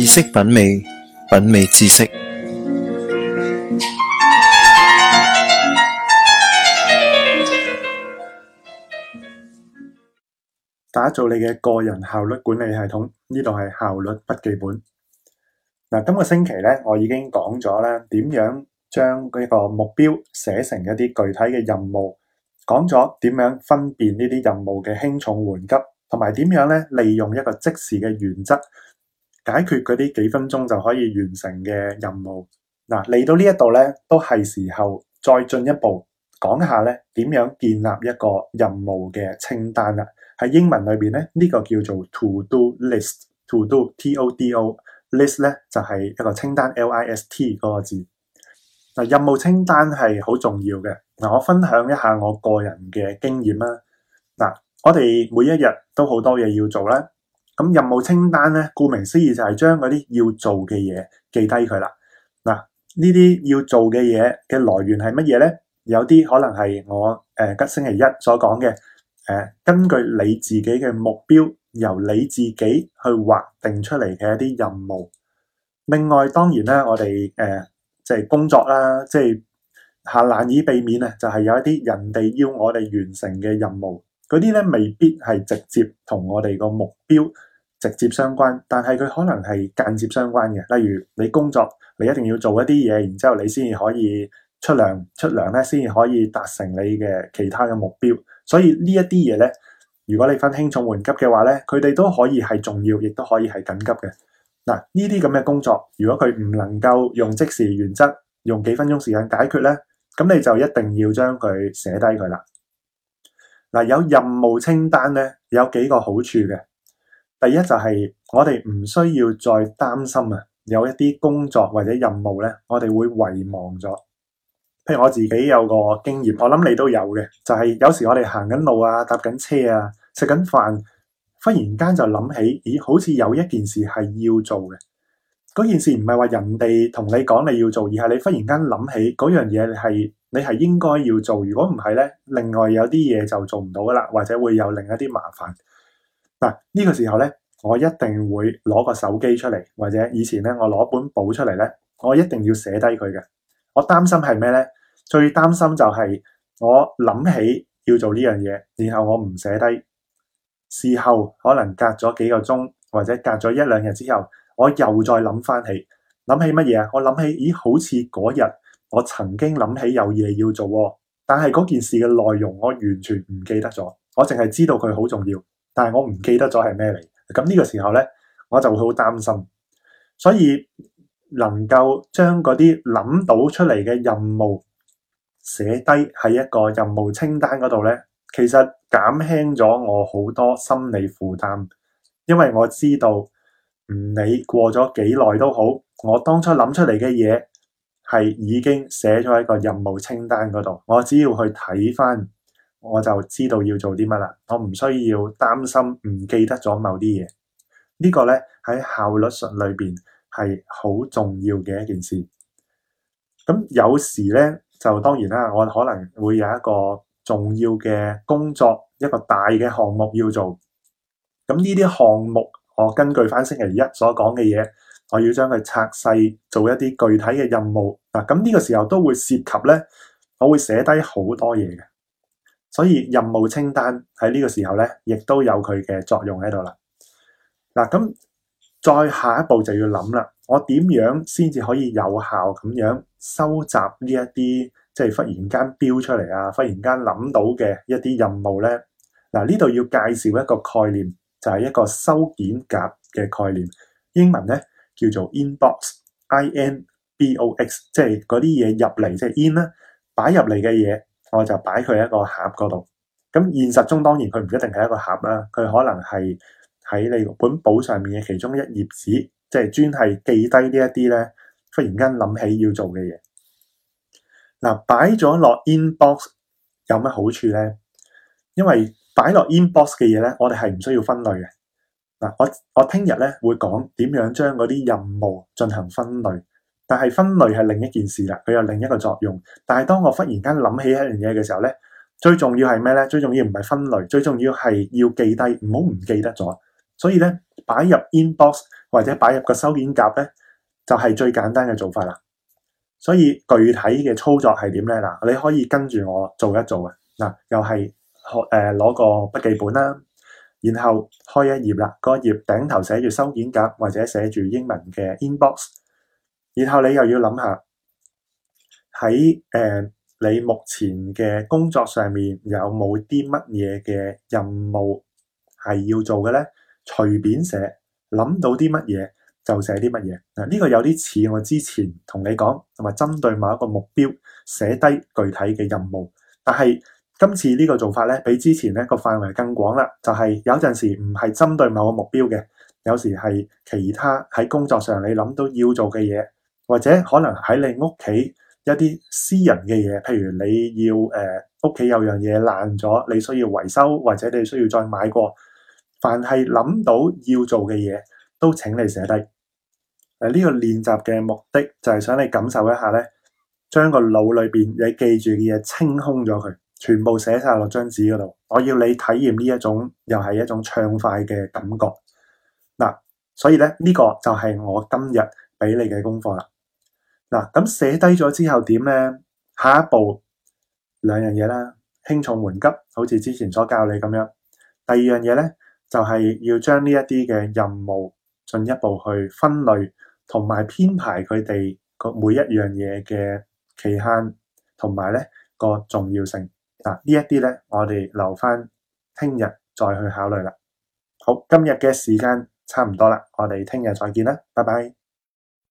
知識品味，品味知識，打造你嘅個人效率管理系統。呢度係效率筆記本。嗱，今個星期呢，我已經講咗咧點樣將呢個目標寫成一啲具體嘅任務，講咗點樣分辨呢啲任務嘅輕重緩急，同埋點樣呢利用一個即時嘅原則。解決嗰啲幾分鐘就可以完成嘅任務。嗱，嚟到呢一度咧，都係時候再進一步講一下咧，點樣建立一個任務嘅清單啦。喺英文裏邊咧，呢個叫做 to do list，to do T O D O list 咧就係一個清單，L I S T 嗰個字。嗱，任務清單係好重要嘅。嗱，我分享一下我個人嘅經驗啦。嗱，我哋每一日都好多嘢要做啦。咁任務清單咧，顧名思義就係將嗰啲要做嘅嘢記低佢啦。嗱，呢啲要做嘅嘢嘅來源係乜嘢咧？有啲可能係我誒吉星期一所講嘅，誒根據你自己嘅目標，由你自己去劃定出嚟嘅一啲任務。另外，當然啦，我哋誒即係工作啦，即係難以避免啊，就係有一啲人哋要我哋完成嘅任務，嗰啲咧未必係直接同我哋個目標直接相關，但係佢可能係間接相關嘅。例如你工作，你一定要做一啲嘢，然之後你先可以出糧出糧，咧，先可以達成你嘅其他嘅目標。所以呢一啲嘢咧，如果你分輕重緩急嘅話咧，佢哋都可以係重要，亦都可以係緊急嘅。嗱，呢啲咁嘅工作，如果佢唔能夠用即時原則，用幾分鐘時間解決咧，咁你就一定要將佢寫低佢啦。嗱，有任務清單咧，有幾個好處嘅。第一就係我哋唔需要再擔心啊，有一啲工作或者任務咧，我哋會遺忘咗。譬如我自己有個經驗，我諗你都有嘅，就係有時我哋行緊路啊、搭緊車啊、食緊飯，忽然間就諗起，咦，好似有一件事係要做嘅。嗰件事唔係話人哋同你講你要做，而係你忽然間諗起嗰樣嘢係你係應該要做。如果唔係咧，另外有啲嘢就做唔到噶啦，或者會有另一啲麻煩。嗱，呢個時候咧，我一定會攞個手機出嚟，或者以前咧，我攞本簿出嚟咧，我一定要寫低佢嘅。我擔心係咩咧？最擔心就係我諗起要做呢樣嘢，然後我唔寫低，事後可能隔咗幾個鐘，或者隔咗一兩日之後，我又再諗翻起，諗起乜嘢啊？我諗起，咦，好似嗰日我曾經諗起有嘢要做，但係嗰件事嘅內容我完全唔記得咗，我淨係知道佢好重要。但係我唔記得咗係咩嚟，咁呢個時候咧，我就會好擔心。所以能夠將嗰啲諗到出嚟嘅任務寫低喺一個任務清單嗰度咧，其實減輕咗我好多心理負擔，因為我知道唔理過咗幾耐都好，我當初諗出嚟嘅嘢係已經寫咗喺一個任務清單嗰度，我只要去睇翻。我就知道要做啲乜啦，我唔需要擔心唔記得咗某啲嘢。這個、呢個咧喺效率術裏邊係好重要嘅一件事。咁有時咧就當然啦，我可能會有一個重要嘅工作，一個大嘅項目要做。咁呢啲項目，我根據翻星期一所講嘅嘢，我要將佢拆細，做一啲具體嘅任務嗱。咁呢個時候都會涉及咧，我會寫低好多嘢嘅。所以任務清單喺呢個時候咧，亦都有佢嘅作用喺度啦。嗱，咁再下一步就要諗啦，我點樣先至可以有效咁樣收集呢一啲，即係忽然間標出嚟啊，忽然間諗到嘅一啲任務咧。嗱，呢度要介紹一個概念，就係一個收件夾嘅概念，英文咧叫做 inbox，i n b o x，即係嗰啲嘢入嚟，即係 in 啦，擺入嚟嘅嘢。我就擺佢一個盒嗰度。咁現實中當然佢唔一定係一個盒啦，佢可能係喺你本簿上面嘅其中一頁紙，即係專係記低呢一啲咧，忽然間諗起要做嘅嘢。嗱，擺咗落 inbox 有乜好處咧？因為擺落 inbox 嘅嘢咧，我哋係唔需要分類嘅。嗱，我我聽日咧會講點樣將嗰啲任務進行分類。但係分類係另一件事啦，佢有另一個作用。但係當我忽然間諗起一樣嘢嘅時候咧，最重要係咩咧？最重要唔係分類，最重要係要記低，唔好唔記得咗。所以咧，擺入 inbox 或者擺入個收件夾咧，就係最簡單嘅做法啦。所以具體嘅操作係點咧？嗱，你可以跟住我做一做嗱，又係學誒攞個筆記本啦，然後開一頁啦，個頁頂頭寫住收件夾或者寫住英文嘅 inbox。然後你又要諗下喺誒、呃、你目前嘅工作上面有冇啲乜嘢嘅任務係要做嘅咧？隨便寫，諗到啲乜嘢就寫啲乜嘢。嗱，呢個有啲似我之前同你講，同埋針對某一個目標寫低具體嘅任務，但係今次呢個做法咧，比之前咧個範圍更廣啦。就係、是、有陣時唔係針對某個目標嘅，有時係其他喺工作上你諗到要做嘅嘢。或者可能喺你屋企一啲私人嘅嘢，譬如你要誒，屋企有樣嘢爛咗，你需要維修，或者你需要再買過，凡係諗到要做嘅嘢，都請你寫低。誒，呢個練習嘅目的就係想你感受一下咧，將個腦裏邊你記住嘅嘢清空咗佢，全部寫晒落張紙嗰度。我要你體驗呢一種又係一種暢快嘅感覺。嗱，所以咧呢個就係我今日俾你嘅功課啦。嗱，咁寫低咗之後點咧？下一步兩樣嘢啦，輕重緩急，好似之前所教你咁樣。第二樣嘢咧，就係要將呢一啲嘅任務進一步去分類，同埋編排佢哋個每一樣嘢嘅期限，同埋咧個重要性。嗱，呢一啲咧，我哋留翻聽日再去考慮啦。好，今日嘅時間差唔多啦，我哋聽日再見啦，拜拜。